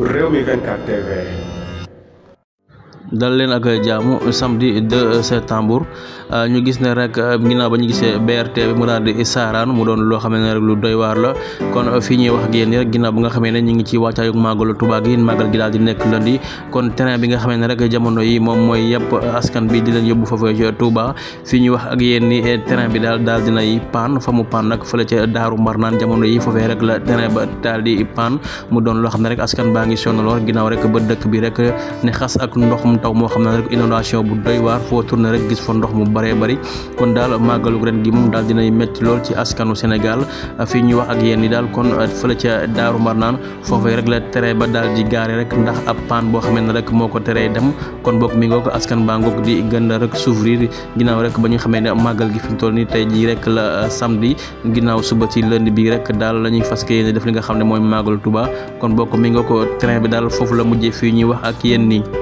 Réumi 24 TV dalen ak jamu samedi 2 eh, septembre eh, ñu gis ne rek ngina eh, ba ñu gisee BRT bi mu daal di isaran mu doon lo xam rek lu doy war la kon fi ñi wax ak rek ginnaaw bu nga xamee ne ñu ngi ci wàccaayug magal Tuubaa gi magal gi daal di nekk lundi kon terrain bi nga xamee ne rek jamono yi mom moy yëpp askan bi di leen yobbu fofu ci Tuubaa fi ñi wax ak yeen ni terrain bi daal daal dinay paan fa mu pan nak fele ci Daaru marnan jamono yi foofee rek la terrain ba daal di pan mu doon lo xamné rek askan baangi ngi sonaloor ginnaaw rek ba dekk bi rek ne xass ak ndoxum taw mo xamna rek inondation bu doy war fo tourner rek gis fo ndox mu bare bare kon dal magalu ren gi mum dal dinay metti lol ci askanu senegal fi ñu wax ak yéen ni kon fële ca daru marnan foofee rek la téré ba dal di garé rek ndax ab pan bo rek moko téré dem kon bok mi ngok askan ba ngok di gënd rek s'ouvrir ginaaw rek ba ñu xamee ne samdi, gi fi tol ni tay ji rek la euh, samedi ginaaw suba ci lënd bi rek dal la faské def li nga xamné moy magal kon bok mi ngok ko train bi dal fofu la mujjé fi ñi wax ak ni